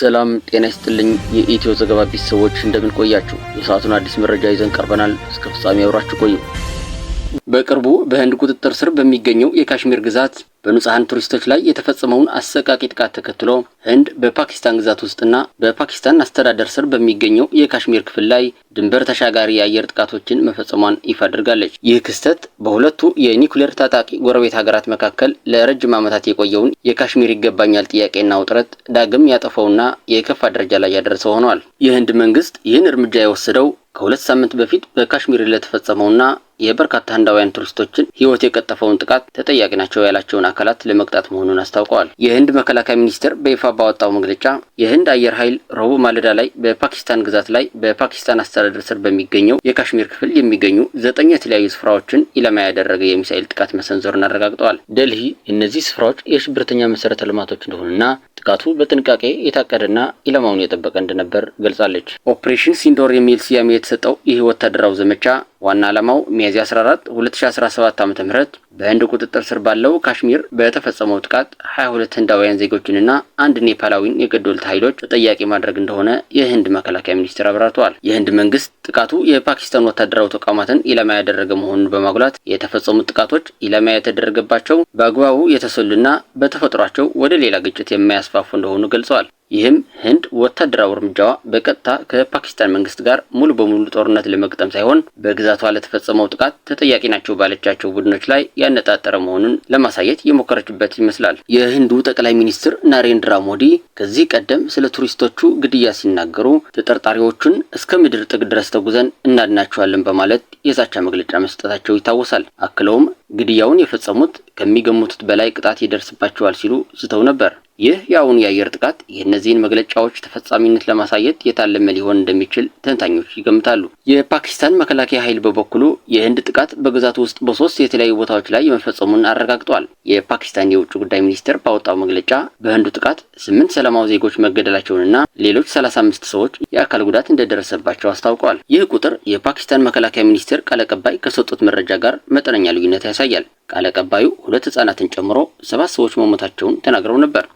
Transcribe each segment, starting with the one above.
ሰላም ጤና ይስጥልኝ። የኢትዮ ዘገባ ቤተሰቦች እንደምን ቆያችሁ? የሰዓቱን አዲስ መረጃ ይዘን ቀርበናል። እስከ ፍጻሜ አብራችሁ ቆዩ። በቅርቡ በህንድ ቁጥጥር ስር በሚገኘው የካሽሚር ግዛት በንጹሐን ቱሪስቶች ላይ የተፈጸመውን አሰቃቂ ጥቃት ተከትሎ ህንድ በፓኪስታን ግዛት ውስጥና በፓኪስታን አስተዳደር ስር በሚገኘው የካሽሚር ክፍል ላይ ድንበር ተሻጋሪ የአየር ጥቃቶችን መፈጸሟን ይፋ አድርጋለች። ይህ ክስተት በሁለቱ የኒኩሌር ታጣቂ ጎረቤት ሀገራት መካከል ለረጅም ዓመታት የቆየውን የካሽሚር ይገባኛል ጥያቄና ውጥረት ዳግም ያጠፈውና የከፋ ደረጃ ላይ ያደረሰው ሆኗል። የህንድ መንግስት ይህን እርምጃ የወሰደው ከሁለት ሳምንት በፊት በካሽሚር ለተፈጸመውና የበርካታ ህንዳውያን ቱሪስቶችን ህይወት የቀጠፈውን ጥቃት ተጠያቂ ናቸው ያላቸውን አካላት ለመቅጣት መሆኑን አስታውቀዋል። የህንድ መከላከያ ሚኒስቴር በይፋ ባወጣው መግለጫ የህንድ አየር ኃይል ረቡዕ ማለዳ ላይ በፓኪስታን ግዛት ላይ በፓኪስታን አስተዳደር ስር በሚገኘው የካሽሚር ክፍል የሚገኙ ዘጠኝ የተለያዩ ስፍራዎችን ኢላማ ያደረገ የሚሳኤል ጥቃት መሰንዘሩን አረጋግጠዋል። ደልሂ እነዚህ ስፍራዎች የሽብርተኛ መሰረተ ልማቶች እንደሆኑና ጥቃቱ በጥንቃቄ የታቀደና ኢላማውን የጠበቀ እንደነበር ገልጻለች። ኦፕሬሽን ሲንዶር የሚል ስያሜ የተሰጠው ይህ ወታደራዊ ዘመቻ ዋና ዓላማው ሚያዝያ 14 2017 ዓ.ም በህንድ ቁጥጥር ስር ባለው ካሽሚር በተፈጸመው ጥቃት 22 ህንዳውያን ዜጎችንና አንድ ኔፓላዊን የገደሉት ኃይሎች ተጠያቂ ማድረግ እንደሆነ የህንድ መከላከያ ሚኒስቴር አብራርተዋል። የህንድ መንግስት ጥቃቱ የፓኪስታን ወታደራዊ ተቋማትን ኢላማ ያደረገ መሆኑን በማጉላት የተፈጸሙት ጥቃቶች ኢላማ የተደረገባቸው በአግባቡ የተሰሉና በተፈጥሯቸው ወደ ሌላ ግጭት የማያስፋፉ እንደሆኑ ገልጸዋል። ይህም ህንድ ወታደራዊ እርምጃዋ በቀጥታ ከፓኪስታን መንግስት ጋር ሙሉ በሙሉ ጦርነት ለመግጠም ሳይሆን በግዛቷ ለተፈጸመው ጥቃት ተጠያቂ ናቸው ባለቻቸው ቡድኖች ላይ ያነጣጠረ መሆኑን ለማሳየት የሞከረችበት ይመስላል። የህንዱ ጠቅላይ ሚኒስትር ናሬንድራ ሞዲ ከዚህ ቀደም ስለ ቱሪስቶቹ ግድያ ሲናገሩ ተጠርጣሪዎቹን እስከ ምድር ጥግ ድረስ ተጉዘን እናድናቸዋለን በማለት የዛቻ መግለጫ መስጠታቸው ይታወሳል። አክለውም ግድያውን የፈጸሙት ከሚገምቱት በላይ ቅጣት ይደርስባቸዋል ሲሉ ዝተው ነበር። ይህ የአሁኑ የአየር ጥቃት የእነዚህን መግለጫዎች ተፈጻሚነት ለማሳየት የታለመ ሊሆን እንደሚችል ተንታኞች ይገምታሉ። የፓኪስታን መከላከያ ኃይል በበኩሉ የህንድ ጥቃት በግዛቱ ውስጥ በሶስት የተለያዩ ቦታዎች ላይ የመፈጸሙን አረጋግጧል። የፓኪስታን የውጭ ጉዳይ ሚኒስቴር ባወጣው መግለጫ በህንዱ ጥቃት ስምንት ሰላማዊ ዜጎች መገደላቸውንና ሌሎች 35 ሰዎች የአካል ጉዳት እንደደረሰባቸው አስታውቋል። ይህ ቁጥር የፓኪስታን መከላከያ ሚኒስቴር ቃል አቀባይ ከሰጡት መረጃ ጋር መጠነኛ ልዩነት ያሳያል። ቃል አቀባዩ ሁለት ህጻናትን ጨምሮ ሰባት ሰዎች መሞታቸውን ተናግረው ነበር።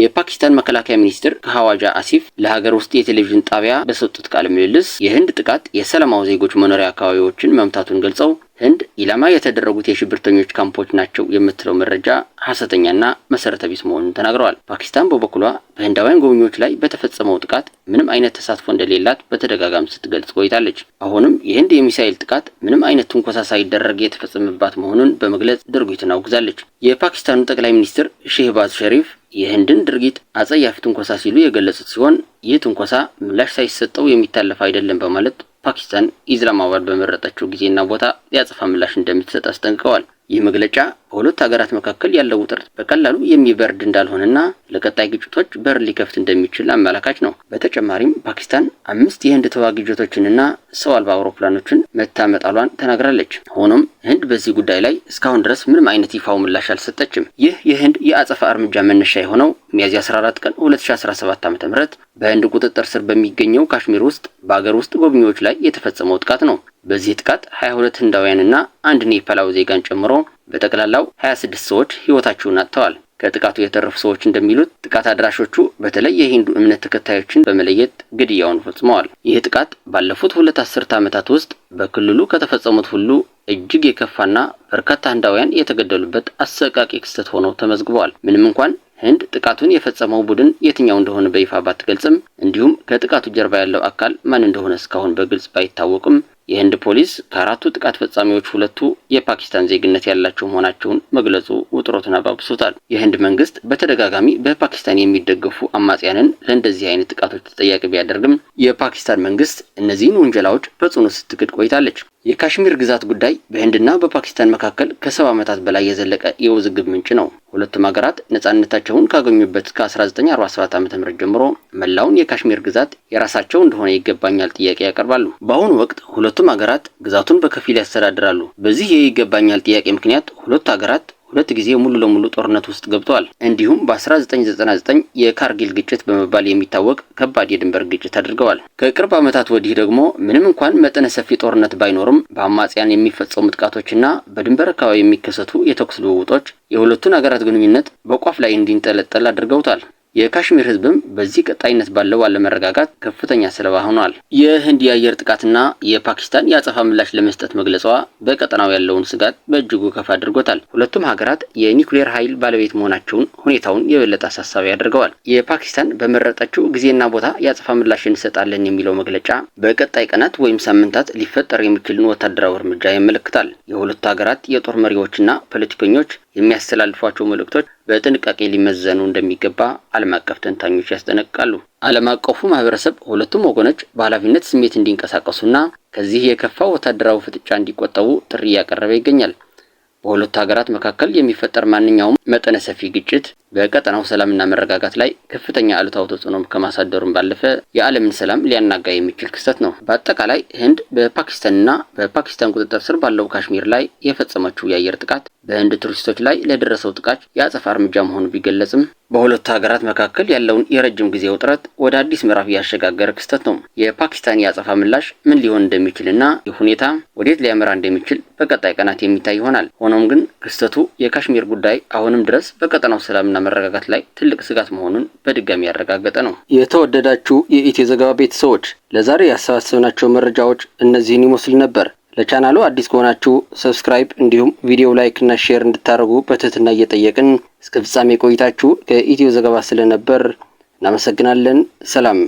የፓኪስታን መከላከያ ሚኒስትር ከሐዋጃ አሲፍ ለሀገር ውስጥ የቴሌቪዥን ጣቢያ በሰጡት ቃለ ምልልስ የህንድ ጥቃት የሰላማዊ ዜጎች መኖሪያ አካባቢዎችን መምታቱን ገልጸው ህንድ ኢላማ የተደረጉት የሽብርተኞች ካምፖች ናቸው የምትለው መረጃ ሀሰተኛና መሰረተ ቢስ መሆኑን ተናግረዋል። ፓኪስታን በበኩሏ በህንዳውያን ጎብኚዎች ላይ በተፈጸመው ጥቃት ምንም አይነት ተሳትፎ እንደሌላት በተደጋጋሚ ስትገልጽ ቆይታለች። አሁንም የህንድ የሚሳኤል ጥቃት ምንም አይነት ትንኮሳ ሳይደረግ የተፈጸመባት መሆኑን በመግለጽ ድርጊቱን አውግዛለች። የፓኪስታኑ ጠቅላይ ሚኒስትር ሼህባዝ ሸሪፍ የህንድን ድርጊት አጸያፊ ትንኮሳ ሲሉ የገለጹት ሲሆን ይህ ትንኮሳ ምላሽ ሳይሰጠው የሚታለፍ አይደለም በማለት ፓኪስታን ኢስላማባድ በመረጠችው ጊዜና ቦታ የአጸፋ ምላሽ እንደምትሰጥ አስጠንቅቀዋል። ይህ መግለጫ በሁለቱ ሀገራት መካከል ያለው ውጥረት በቀላሉ የሚበርድ እንዳልሆነና ለቀጣይ ግጭቶች በር ሊከፍት እንደሚችል አመላካች ነው። በተጨማሪም ፓኪስታን አምስት የህንድ ተዋጊ ጀቶችንና ሰው አልባ አውሮፕላኖችን መታመጣሏን ተናግራለች። ሆኖም ህንድ በዚህ ጉዳይ ላይ እስካሁን ድረስ ምንም አይነት ይፋው ምላሽ አልሰጠችም። ይህ የህንድ የአጸፋ እርምጃ መነሻ የሆነው ሚያዝያ 14 ቀን 2017 ዓ ም በህንድ ቁጥጥር ስር በሚገኘው ካሽሚር ውስጥ በአገር ውስጥ ጎብኚዎች ላይ የተፈጸመው ጥቃት ነው። በዚህ ጥቃት 22 ህንዳውያንና አንድ ኔፓላዊ ዜጋን ጨምሮ በጠቅላላው 26 ሰዎች ህይወታቸውን አጥተዋል። ከጥቃቱ የተረፉ ሰዎች እንደሚሉት ጥቃት አድራሾቹ በተለይ የሂንዱ እምነት ተከታዮችን በመለየት ግድያውን ፈጽመዋል። ይህ ጥቃት ባለፉት ሁለት አስርተ ዓመታት ውስጥ በክልሉ ከተፈጸሙት ሁሉ እጅግ የከፋና በርካታ ህንዳውያን የተገደሉበት አሰቃቂ ክስተት ሆኖ ተመዝግበዋል። ምንም እንኳን ህንድ ጥቃቱን የፈጸመው ቡድን የትኛው እንደሆነ በይፋ ባትገልጽም እንዲሁም ከጥቃቱ ጀርባ ያለው አካል ማን እንደሆነ እስካሁን በግልጽ ባይታወቅም የህንድ ፖሊስ ከአራቱ ጥቃት ፈጻሚዎች ሁለቱ የፓኪስታን ዜግነት ያላቸው መሆናቸውን መግለጹ ውጥረቱን አባብሶታል። የህንድ መንግስት በተደጋጋሚ በፓኪስታን የሚደገፉ አማጽያንን ለእንደዚህ አይነት ጥቃቶች ተጠያቂ ቢያደርግም የፓኪስታን መንግስት እነዚህን ውንጀላዎች በጽኑ ስትክድ ቆይታለች። የካሽሚር ግዛት ጉዳይ በህንድና በፓኪስታን መካከል ከሰባ ዓመታት በላይ የዘለቀ የውዝግብ ምንጭ ነው። ሁለቱም ሀገራት ነፃነታቸውን ካገኙበት ከ1947 ዓ ም ጀምሮ መላውን የካሽሚር ግዛት የራሳቸው እንደሆነ ይገባኛል ጥያቄ ያቀርባሉ። በአሁኑ ወቅት ሁለቱም ሀገራት ግዛቱን በከፊል ያስተዳድራሉ። በዚህ የይገባኛል ጥያቄ ምክንያት ሁለቱ ሀገራት ሁለት ጊዜ ሙሉ ለሙሉ ጦርነት ውስጥ ገብተዋል። እንዲሁም በ1999 የካርጊል ግጭት በመባል የሚታወቅ ከባድ የድንበር ግጭት አድርገዋል። ከቅርብ ዓመታት ወዲህ ደግሞ ምንም እንኳን መጠነ ሰፊ ጦርነት ባይኖርም በአማጽያን የሚፈጸሙ ጥቃቶችና በድንበር አካባቢ የሚከሰቱ የተኩስ ልውውጦች የሁለቱን ሀገራት ግንኙነት በቋፍ ላይ እንዲንጠለጠል አድርገውታል። የካሽሚር ህዝብም በዚህ ቀጣይነት ባለው አለመረጋጋት ከፍተኛ ሰለባ ሆኗል። የህንድ የአየር ጥቃትና የፓኪስታን የአጸፋ ምላሽ ለመስጠት መግለጿ በቀጠናው ያለውን ስጋት በእጅጉ ከፍ አድርጎታል። ሁለቱም ሀገራት የኒውክሌር ኃይል ባለቤት መሆናቸውን ሁኔታውን የበለጠ አሳሳቢ ያደርገዋል። የፓኪስታን በመረጠችው ጊዜና ቦታ የአጸፋ ምላሽ እንሰጣለን የሚለው መግለጫ በቀጣይ ቀናት ወይም ሳምንታት ሊፈጠር የሚችልን ወታደራዊ እርምጃ ያመለክታል። የሁለቱ ሀገራት የጦር መሪዎችና ፖለቲከኞች የሚያስተላልፏቸው መልእክቶች በጥንቃቄ ሊመዘኑ እንደሚገባ ዓለም አቀፍ ተንታኞች ያስጠነቅቃሉ። ዓለም አቀፉ ማህበረሰብ ሁለቱም ወገኖች በኃላፊነት ስሜት እንዲንቀሳቀሱና ከዚህ የከፋ ወታደራዊ ፍጥጫ እንዲቆጠቡ ጥሪ እያቀረበ ይገኛል። በሁለቱ ሀገራት መካከል የሚፈጠር ማንኛውም መጠነ ሰፊ ግጭት በቀጠናው ሰላምና መረጋጋት ላይ ከፍተኛ አሉታዊ ተጽዕኖ ከማሳደሩም ባለፈ የዓለምን ሰላም ሊያናጋ የሚችል ክስተት ነው። በአጠቃላይ ህንድ በፓኪስታንና በፓኪስታን ቁጥጥር ስር ባለው ካሽሚር ላይ የፈጸመችው የአየር ጥቃት በህንድ ቱሪስቶች ላይ ለደረሰው ጥቃት የአጸፋ እርምጃ መሆኑ ቢገለጽም በሁለቱ ሀገራት መካከል ያለውን የረጅም ጊዜ ውጥረት ወደ አዲስ ምዕራፍ ያሸጋገረ ክስተት ነው። የፓኪስታን የአጸፋ ምላሽ ምን ሊሆን እንደሚችልና ይህ ሁኔታ ወዴት ሊያመራ እንደሚችል በቀጣይ ቀናት የሚታይ ይሆናል። ሆኖም ግን ክስተቱ የካሽሚር ጉዳይ አሁንም ድረስ በቀጠናው ሰላምና መረጋጋት ላይ ትልቅ ስጋት መሆኑን በድጋሚ ያረጋገጠ ነው። የተወደዳችሁ የኢትዮ ዘገባ ቤተሰቦች ለዛሬ ያሰባሰብናቸው መረጃዎች እነዚህን ይመስል ነበር። ለቻናሉ አዲስ ከሆናችሁ ሰብስክራይብ እንዲሁም ቪዲዮ ላይክ እና ሼር እንድታደርጉ በትህትና እየጠየቅን እስከ ፍጻሜ ቆይታችሁ ከኢትዮ ዘገባ ስለነበር እናመሰግናለን። ሰላም